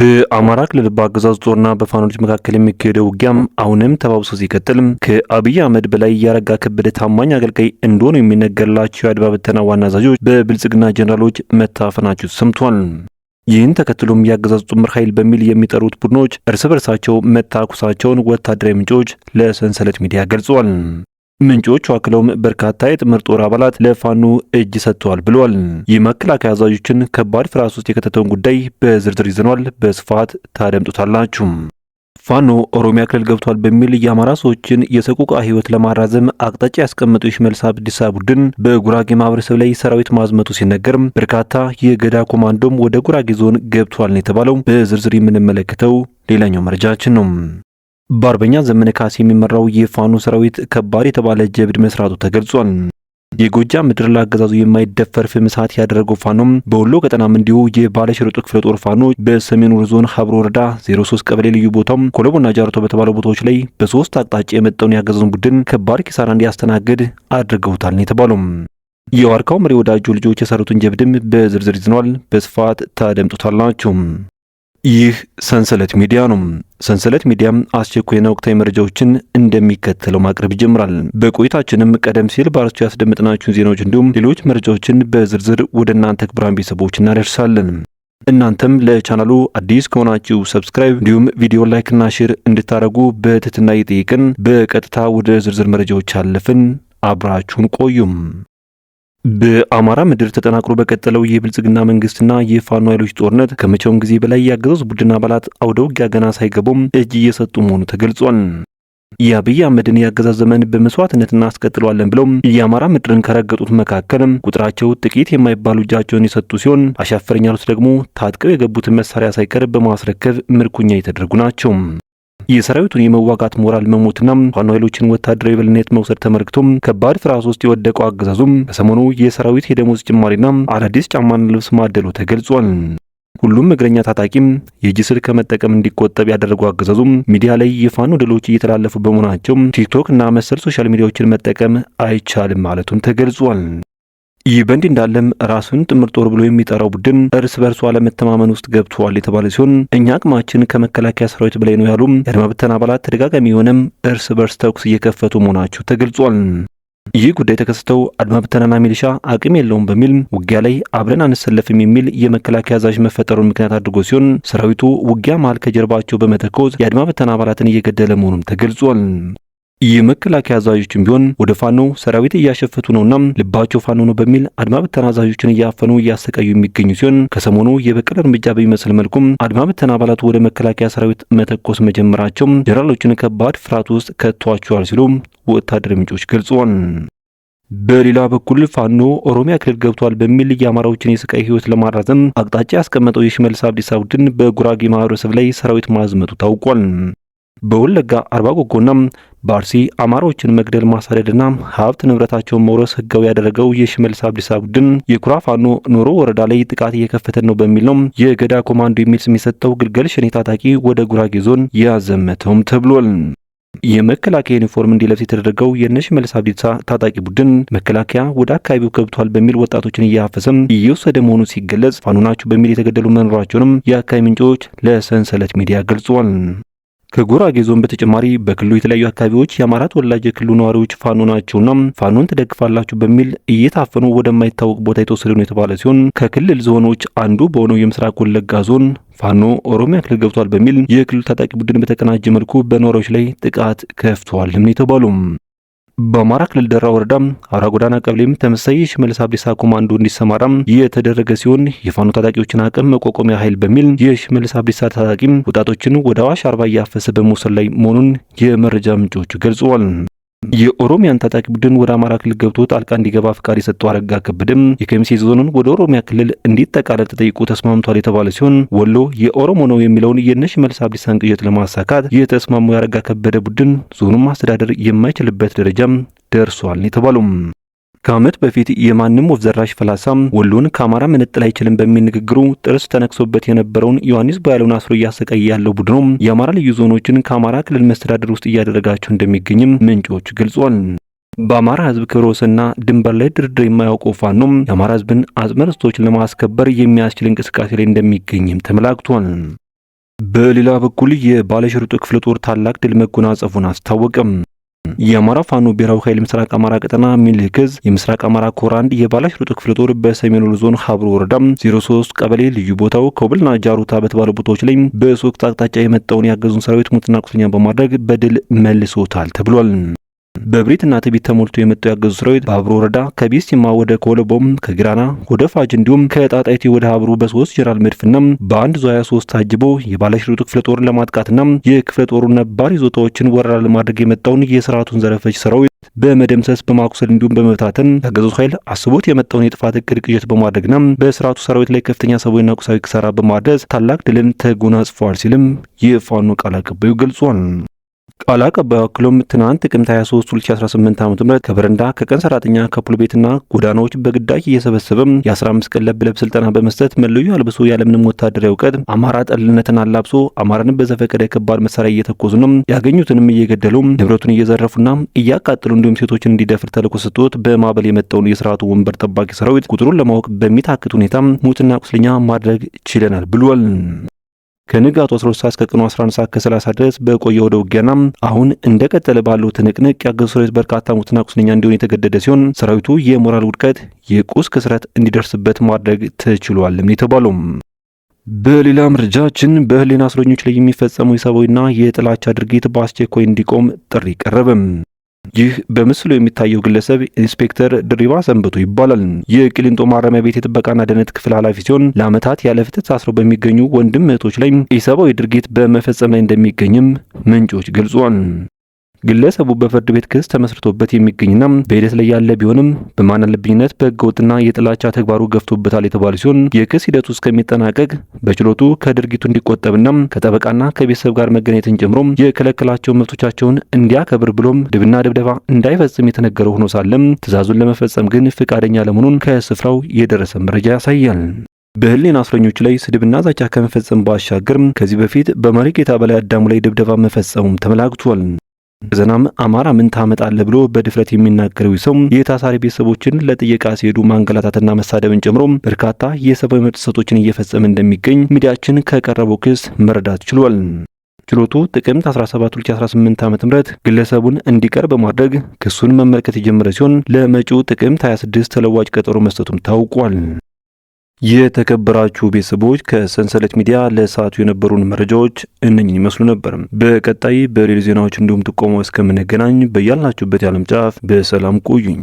በአማራ ክልል በአገዛዙ ጦርና በፋኖች መካከል የሚካሄደው ውጊያም አሁንም ተባብሶ ሲቀጥል ከአብይ አህመድ በላይ ያረጋ ከበደ ታማኝ አገልጋይ እንደሆኑ የሚነገርላቸው የአድማ ብተና ዋና አዛዦች በብልጽግና ጀኔራሎች መታፈናቸው ሰምቷል። ይህን ተከትሎም የአገዛዙ ጥምር ኃይል በሚል የሚጠሩት ቡድኖች እርስ በርሳቸው መታኩሳቸውን ወታደራዊ ምንጮች ለሰንሰለት ሚዲያ ገልጿል። ምንጮቹ አክለውም በርካታ የጥምር ጦር አባላት ለፋኖ እጅ ሰጥተዋል ብለዋል። የመከላከያ አዛዦችን ከባድ ፍርሃት ውስጥ የከተተውን ጉዳይ በዝርዝር ይዘኗል። በስፋት ታደምጡታላችሁ። ፋኖ ኦሮሚያ ክልል ገብቷል በሚል የአማራ ሰዎችን የሰቆቃ ህይወት ለማራዘም አቅጣጫ ያስቀመጠው የሽመልስ አብዲሳ ቡድን በጉራጌ ማህበረሰብ ላይ ሰራዊት ማዝመቱ ሲነገር በርካታ የገዳ ኮማንዶም ወደ ጉራጌ ዞን ገብቷል ነው የተባለው። በዝርዝር የምንመለከተው ሌላኛው መረጃችን ነው። በአርበኛ ዘመነ ካሴ የሚመራው የፋኖ ሰራዊት ከባድ የተባለ ጀብድ መስራቱ ተገልጿል። የጎጃ ምድር ለአገዛዙ የማይደፈር ፍምሳት ያደረገው ፋኖም በወሎ ቀጠናም እንዲሁ የባለሽርጡ ክፍለ ጦር ፋኖ በሰሜን ወሎ ዞን ሀብሮ ወረዳ 03 ቀበሌ ልዩ ቦታው ኮለቦና ጃርቶ በተባሉ ቦታዎች ላይ በሶስት አቅጣጫ የመጣውን ያገዛዙን ቡድን ከባድ ኪሳራ እንዲያስተናግድ አድርገውታል ነው የተባለው። የዋርካው መሪ ወዳጆ ልጆች የሰሩትን ጀብድም በዝርዝር ይዝኗል በስፋት ታደምጡታላችሁ። ይህ ሰንሰለት ሚዲያ ነው። ሰንሰለት ሚዲያም አስቸኳይና ወቅታዊ መረጃዎችን እንደሚከተለው ማቅረብ ይጀምራል። በቆይታችንም ቀደም ሲል በአርስቱ ያስደመጥናችሁን ዜናዎች እንዲሁም ሌሎች መረጃዎችን በዝርዝር ወደ እናንተ ክቡራን ቤተሰቦች እናደርሳለን። እናንተም ለቻናሉ አዲስ ከሆናችሁ ሰብስክራይብ፣ እንዲሁም ቪዲዮ ላይክና ሼር እንድታደርጉ በትህትና እየጠየቅን በቀጥታ ወደ ዝርዝር መረጃዎች አለፍን። አብራችሁን ቆዩም። በአማራ ምድር ተጠናክሮ በቀጠለው የብልጽግና መንግስትና የፋኖ ኃይሎች ጦርነት ከመቼውም ጊዜ በላይ ያገዛዙ ቡድን አባላት አውደ ውጊያ ገና ሳይገቡም እጅ እየሰጡ መሆኑ ተገልጿል። የአብይ አህመድን የአገዛዝ ዘመን በመስዋዕትነት እናስቀጥለዋለን ብለው የአማራ ምድርን ከረገጡት መካከል ቁጥራቸው ጥቂት የማይባሉ እጃቸውን የሰጡ ሲሆን አሻፈረኝ ያሉት ደግሞ ታጥቀው የገቡትን መሳሪያ ሳይቀር በማስረከብ ምርኩኛ የተደረጉ ናቸው። የሰራዊቱን የመዋጋት ሞራል መሞትና ፋኖ ኃይሎችን ወታደራዊ የበላይነት መውሰድ ተመልክቶ ከባድ ፍርሃት ውስጥ የወደቀው አገዛዙም በሰሞኑ የሰራዊት የደሞዝ ጭማሪና አዳዲስ ጫማና ልብስ ማደሉ ተገልጿል። ሁሉም እግረኛ ታጣቂም የእጅ ስልክ ከመጠቀም እንዲቆጠብ ያደረጉ አገዛዙም ሚዲያ ላይ የፋኖ ድሎች እየተላለፉ በመሆናቸው ቲክቶክ እና መሰል ሶሻል ሚዲያዎችን መጠቀም አይቻልም ማለቱም ተገልጿል። ይህ በእንዲህ እንዳለም ራሱን ጥምር ጦር ብሎ የሚጠራው ቡድን እርስ በርሱ አለመተማመን ውስጥ ገብተዋል የተባለ ሲሆን እኛ አቅማችን ከመከላከያ ሰራዊት በላይ ነው ያሉም የአድማ አባላት ተደጋጋሚ የሆነም እርስ በርስ ተኩስ እየከፈቱ መሆናቸው ተገልጿል። ይህ ጉዳይ የተከሰተው አድማ ብተናና ሚሊሻ አቅም የለውም በሚል ውጊያ ላይ አብረን አንሰለፍም የሚል የመከላከያ አዛዥ መፈጠሩን ምክንያት አድርጎ ሲሆን ሰራዊቱ ውጊያ መሃል ከጀርባቸው በመተኮዝ የአድማ ብተና አባላትን እየገደለ መሆኑም ተገልጿል። የመከላከያ አዛዦችም ቢሆን ወደ ፋኖ ሰራዊት እያሸፈቱ ነውና ልባቸው ፋኖ ነው በሚል አድማ ብተና አዛዦችን እያፈኑ እያሰቃዩ የሚገኙ ሲሆን ከሰሞኑ የበቀል እርምጃ በሚመስል መልኩም አድማ ብተና አባላቱ ወደ መከላከያ ሰራዊት መተኮስ መጀመራቸው ጀነራሎችን ከባድ ፍርሃት ውስጥ ከቷቸዋል ሲሉ ወታደር ምንጮች ገልጿል። በሌላ በኩል ፋኖ ኦሮሚያ ክልል ገብቷል በሚል የአማራዎችን የስቃይ ህይወት ለማራዘም አቅጣጫ ያስቀመጠው የሽመልስ አብዲሳ ቡድን በጉራጌ ማህበረሰብ ላይ ሰራዊት ማዝመቱ ታውቋል። በወለጋ አርባ ጎጎና በአርሲ አማራዎችን መግደል ማሳደድና ሀብት ንብረታቸውን መውረስ ህጋዊ ያደረገው የሽመልስ አብዲሳ ቡድን የኩራፋኖ ኑሮ ኖሮ ወረዳ ላይ ጥቃት እየከፈተ ነው በሚል ነው የገዳ ኮማንዶ የሚል ስም የሰጠው ግልገል ሸኔ ታጣቂ ወደ ጉራጌ ዞን ያዘመተውም ተብሏል። የመከላከያ ዩኒፎርም እንዲለብስ የተደረገው የሽመልስ አብዲሳ ታጣቂ ቡድን መከላከያ ወደ አካባቢው ገብቷል በሚል ወጣቶችን እያፈሰም እየወሰደ መሆኑ ሲገለጽ ፋኖ ናቸው በሚል የተገደሉ መኖራቸውንም የአካባቢ ምንጮች ለሰንሰለት ሚዲያ ገልጿል። ከጉራጌ ዞን በተጨማሪ በክልሉ የተለያዩ አካባቢዎች የአማራ ተወላጅ የክልሉ ነዋሪዎች ፋኖ ናቸውና ፋኖን ትደግፋላችሁ በሚል እየታፈኑ ወደማይታወቅ ቦታ የተወሰደ ነው የተባለ ሲሆን ከክልል ዞኖች አንዱ በሆነው የምስራቅ ወለጋ ዞን ፋኖ ኦሮሚያ ክልል ገብቷል በሚል የክልሉ ታጣቂ ቡድን በተቀናጀ መልኩ በነዋሪዎች ላይ ጥቃት ከፍተዋል ነው የተባሉም። በአማራ ክልል ደራ ወረዳ አውራ ጎዳና ቀብሌም ተመሳሳይ የሽመልስ አብዲሳ ኮማንዶ እንዲሰማራ የተደረገ ሲሆን የፋኖ ታጣቂዎችን አቅም መቋቋሚያ ኃይል በሚል የሽመልስ አብዲሳ ታጣቂም ወጣቶችን ወደ አዋሽ አርባ እያፈሰ በመውሰድ ላይ መሆኑን የመረጃ ምንጮቹ ገልጸዋል። የኦሮሚያን ታጣቂ ቡድን ወደ አማራ ክልል ገብቶ ጣልቃ እንዲገባ ፍቃድ የሰጠው አረጋ ከበደም የከሚሴ ዞኑን ወደ ኦሮሚያ ክልል እንዲጠቃለል ተጠይቆ ተስማምቷል የተባለ ሲሆን ወሎ የኦሮሞ ነው የሚለውን መልስ አብዲሳን ቅዠት ለማሳካት ተስማሙ የአረጋ ከበደ ቡድን ዞኑን ማስተዳደር የማይችልበት ደረጃም ደርሷል የተባሉም ከዓመት በፊት የማንም ወፍ ዘራሽ ፈላሳ ወሎን ከአማራ መነጠል አይችልም በሚል ንግግሩ ጥርስ ተነክሶበት የነበረውን ዮሐንስ ቦያለውን አስሮ እያሰቃየ ያለው ቡድኑ የአማራ ልዩ ዞኖችን ከአማራ ክልል መስተዳደር ውስጥ እያደረጋቸው እንደሚገኝም ምንጮች ገልጿል። በአማራ ሕዝብ ክብረ ወሰንና ድንበር ላይ ድርድር የማያውቀው ፋኖም የአማራ ሕዝብን አጽመ ለማስከበር የሚያስችል እንቅስቃሴ ላይ እንደሚገኝም ተመላክቷል። በሌላ በኩል የባለሽርጡ ክፍለ ጦር ታላቅ ድል መጎናጸፉን አስታወቀም። የአማራ ፋኖ ብሔራዊ ኃይል ምስራቅ አማራ ቀጠና ሚልክዝ የምስራቅ አማራ ኮር አንድ የባላሽ ሩጥ ክፍለ ጦር በሰሜን ወሎ ዞን ሀብሮ ወረዳ 03 ቀበሌ ልዩ ቦታው ኮብልና ጃሩታ በተባሉ ቦታዎች ላይ በሶስት አቅጣጫ የመጣውን ያገዙን ሰራዊት ሙትና ቁስለኛ በማድረግ በድል መልሶታል ተብሏል። በብሪት እና ትቢት ተሞልቶ የመጣው ያገዙ ሰራዊት በአብሮ ወረዳ ከቢሲማ ወደ ኮለቦም ከግራና ወደ ፋጅ እንዲሁም ከጣጣይቲ ወደ ሀብሩ በሶስት ጀነራል መድፍና በአንድ ዙ 23 ታጅቦ የባለሽርጡ ክፍለ ጦርን ለማጥቃትና የክፍለ ጦሩን ነባር ይዞታዎችን ወረራ ለማድረግ የመጣውን የስርዓቱን ዘረፈች ሰራዊት በመደምሰስ በማኩሰል እንዲሁም በመብታተን ያገዙት ኃይል አስቦት የመጣውን የጥፋት እቅድ ቅዠት በማድረግና በስርዓቱ ሰራዊት ላይ ከፍተኛ ሰብዓዊና ቁሳዊ ክሰራ በማድረስ ታላቅ ድልን ተጎናጽፏል ሲልም የፋኖ ቃል አቀባዩ ገልጿል። ቃል አቀባዩ አክሎም ትናንት ጥቅምት 23 2018 ዓ ም ከበረንዳ ከቀን ሰራተኛ ከፑል ቤትና ጎዳናዎች በግዳጅ እየሰበሰበም የ15 ቀን ለብ ለብ ስልጠና በመስጠት መለዮ አልብሶ ያለምንም ወታደራዊ እውቀት አማራ ጠልነትን አላብሶ አማራን በዘፈቀደ ከባድ መሳሪያ እየተኮሱ ነው ያገኙትንም እየገደሉ ንብረቱን እየዘረፉና እያቃጠሉ እንዲሁም ሴቶችን እንዲደፍር ተልዕኮ ሰጥቶት በማዕበል የመጣውን የስርዓቱ ወንበር ጠባቂ ሰራዊት ቁጥሩን ለማወቅ በሚታክት ሁኔታ ሙትና ቁስለኛ ማድረግ ችለናል ብሏል። ከንጋቱ 13 ሰዓት እስከ ቀኑ 11 ሰዓት ከ30 ድረስ በቆየ ወደ ውጊያና አሁን እንደቀጠለ ባለው ትንቅንቅ ያገዙ ሰራዊት በርካታ ሙትና ቁስለኛ እንዲሆን የተገደደ ሲሆን ሰራዊቱ የሞራል ውድቀት፣ የቁስ ክስረት እንዲደርስበት ማድረግ ተችሏልም የተባለውም። በሌላ መረጃችን በህሊና እስረኞች ላይ የሚፈጸሙ የሰብአዊና የጥላቻ ድርጊት በአስቸኳይ እንዲቆም ጥሪ ቀረበም። ይህ በምስሉ የሚታየው ግለሰብ ኢንስፔክተር ድሪባ ሰንብቶ ይባላል። የቅሊንጦ ማረሚያ ቤት የጥበቃና ደህንነት ክፍል ኃላፊ ሲሆን ለዓመታት ያለ ፍትህ ታስረው በሚገኙ ወንድም እህቶች ላይ ኢሰብአዊ ድርጊት በመፈጸም ላይ እንደሚገኝም ምንጮች ገልጿል። ግለሰቡ በፍርድ ቤት ክስ ተመስርቶበት የሚገኝና በሂደት ላይ ያለ ቢሆንም በማናለብኝነት በህገወጥና የጥላቻ ተግባሩ ገፍቶበታል የተባለ ሲሆን የክስ ሂደቱ እስከሚጠናቀቅ በችሎቱ ከድርጊቱ እንዲቆጠብና ከጠበቃና ከቤተሰብ ጋር መገናኘትን ጨምሮ የከለከላቸው መብቶቻቸውን እንዲያከብር ብሎም ድብና ድብደባ እንዳይፈጽም የተነገረው ሆኖ ሳለም ትዕዛዙን ለመፈጸም ግን ፈቃደኛ ለመሆኑን ከስፍራው የደረሰ መረጃ ያሳያል። በህሊና እስረኞች ላይ ስድብና ዛቻ ከመፈጸም ባሻገር ከዚህ በፊት በመሪ ጌታ በላይ አዳሙ ላይ ድብደባ መፈጸሙም ተመላክቷል። ዘናም አማራ ምን ታመጣለህ ብሎ በድፍረት የሚናገረው ሰው የታሳሪ ቤተሰቦችን ለጥየቃ ሲሄዱ ማንገላታትና መሳደብን ጨምሮ በርካታ የሰብአዊ መብት ጥሰቶችን እየፈጸመ እንደሚገኝ ሚዲያችን ከቀረበው ክስ መረዳት ችሏል። ችሎቱ ጥቅምት 17 2018 ዓ.ም ግለሰቡን እንዲቀር በማድረግ ክሱን መመልከት የጀመረ ሲሆን ለመጪው ጥቅምት 26 ተለዋጭ ቀጠሮ መስጠቱም ታውቋል። የተከበራችሁ ቤተሰቦች ከሰንሰለት ሚዲያ ለሰዓቱ የነበሩን መረጃዎች እነኝን ይመስሉ ነበርም። በቀጣይ በሌሎች ዜናዎች እንዲሁም ጥቆማ እስከምንገናኝ በያልናችሁበት የዓለም ጫፍ በሰላም ቆዩኝ።